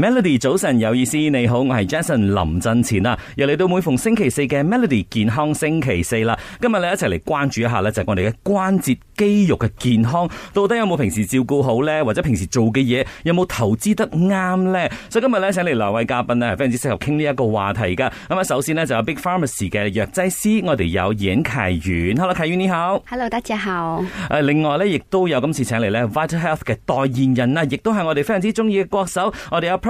Melody，早晨有意思，你好，我係 Jason 林振前啊，又嚟到每逢星期四嘅 Melody 健康星期四啦。今日咧一齊嚟關注一下咧，就係、是、我哋嘅關節肌肉嘅健康，到底有冇平時照顧好咧，或者平時做嘅嘢有冇投資得啱咧？所以今日咧請嚟兩位嘉賓咧，非常之適合傾呢一個話題噶。咁啊，首先呢，就有 Big Pharmacy 嘅藥劑師，我哋有尹啟遠，Hello 啟遠你好，Hello 大家好。誒，另外咧亦都有今次請嚟咧 VitaHealth 嘅代言人啊，亦都係我哋非常之中意嘅歌手，我哋有、erm。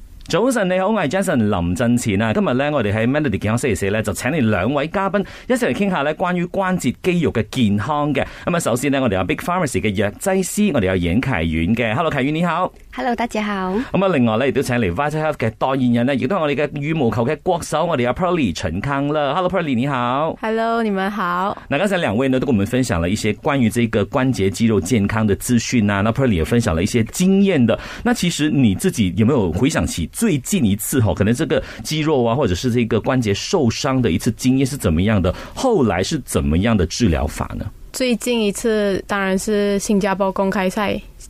早晨，你好，我係 Jason 林振前啊。今日咧，我哋喺 Melody 健康星期四咧，就請你兩位嘉賓一齊嚟傾下咧，關於關節肌肉嘅健康嘅。咁啊，首先呢，我哋有 Big Pharmacy 嘅藥劑師，我哋有尹啟遠嘅。Hello，啟遠你好。hello，大家好。咁啊，另外咧，亦都請嚟 Vital Health 嘅代言人咧，亦都係我哋嘅羽毛球嘅國手，我哋阿 Polly 秦鏗啦。Hello，Polly 你好。Hello，你們好。嗱，剛才兩位呢都跟我們分享了一些關於這個關節肌肉健康的資訊啊，那 Polly 也分享了一些經驗的。那其實你自己有沒有回想起最近一次嗬，可能這個肌肉啊，或者是這個關節受傷的一次經驗是怎麼樣的，後來是怎麼樣的治療法呢？最近一次當然是新加坡公開賽。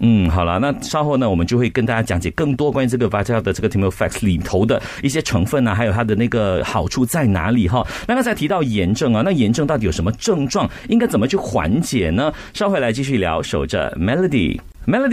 嗯，好啦，那稍後呢，我們就會跟大家講解更多關於這個 Vital 的這個 Temple Facts 裏頭的一些成分啊，還有它的那個好處在哪裏哈。那剛才提到炎症啊，那炎症到底有什麼症狀，應該怎麼去緩解呢？稍後回來繼續聊，守着 Melody，Melody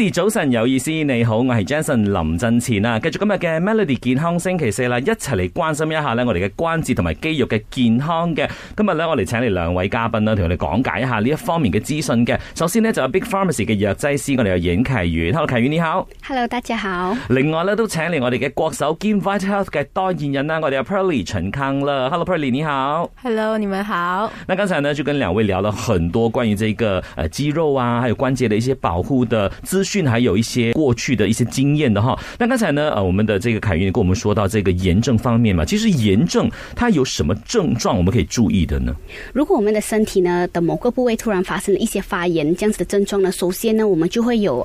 Mel 早晨有意思。你好，我係 Jason 林振前啊，繼續今日嘅 Melody 健康星期四啦，一齊嚟關心一下呢，我哋嘅關節同埋肌肉嘅健康嘅。今日呢，我哋請嚟兩位嘉賓呢，同我哋講解一下呢一方面嘅資訊嘅。首先呢，就有 Big Pharmacy 嘅藥劑師我哋嘅彭凱雲，Hello 凱雲你好，Hello 大家好。另外咧，都請嚟我哋嘅國手兼 VitaHealth 嘅代言人啦，我哋阿 Polly 陳康樂啦，Hello Polly 你好，Hello 你們好。那剛才呢就跟兩位聊了很多關於這個誒肌肉啊，還有關節的一些保護的資訊，還有一些過去的一些經驗的哈。那剛才呢，誒、呃、我們的這個凱雲跟我們說到這個炎症方面嘛，其實炎症它有什麼症狀，我們可以注意的呢？如果我們的身體呢的某個部位突然發生了一些發炎這樣子的症狀呢，首先呢我們就會有。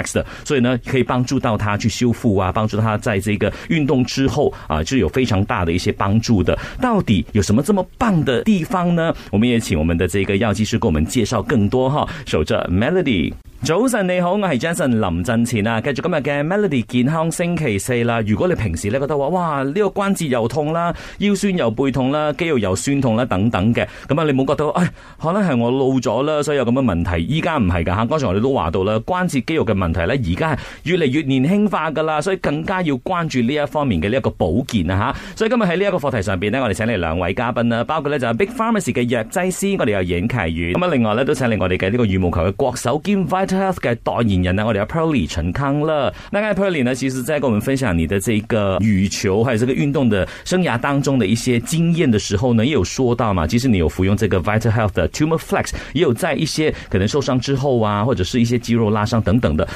所以呢，可以幫助到他去修復啊，幫助他在這個運動之後啊，就有非常大的一些幫助的。到底有什麼這麼棒的地方呢？我們也請我們的這個藥劑師給我們介紹更多哈。守着 Melody，早晨你好，我是 Jason 林振前啊。繼續今日嘅 Melody 健康星期四啦。如果你平時呢，覺得話，哇，呢個關節又痛啦，腰酸又背痛啦，肌肉又酸痛啦等等嘅，咁啊，你冇覺得，哎，可能係我老咗啦，所以有咁嘅問題？依家唔係噶吓，剛才我哋都話到啦，關節肌肉嘅問。題咧，而家係越嚟越年輕化噶啦，所以更加要關注呢一方面嘅呢一個保健啊吓。所以今日喺呢一個課題上邊呢，我哋請嚟兩位嘉賓啦，包括咧就係、是、Big Pharmacy 嘅藥劑師，我哋有影啟宇咁啊。另外咧都請另外我哋嘅呢個羽毛球嘅國手兼 VitaHealth 嘅代言人啊，我哋阿 Pearly 陳康樂啦。那阿 Pearly 呢，其實在跟我們分享你的這個羽球還有這個運動的生涯當中嘅一些經驗嘅時候呢，也有說到嘛，其實你有服用這個 VitaHealth 嘅 Tumor Flex，也有在一些可能受傷之後啊，或者是一些肌肉拉傷等等的。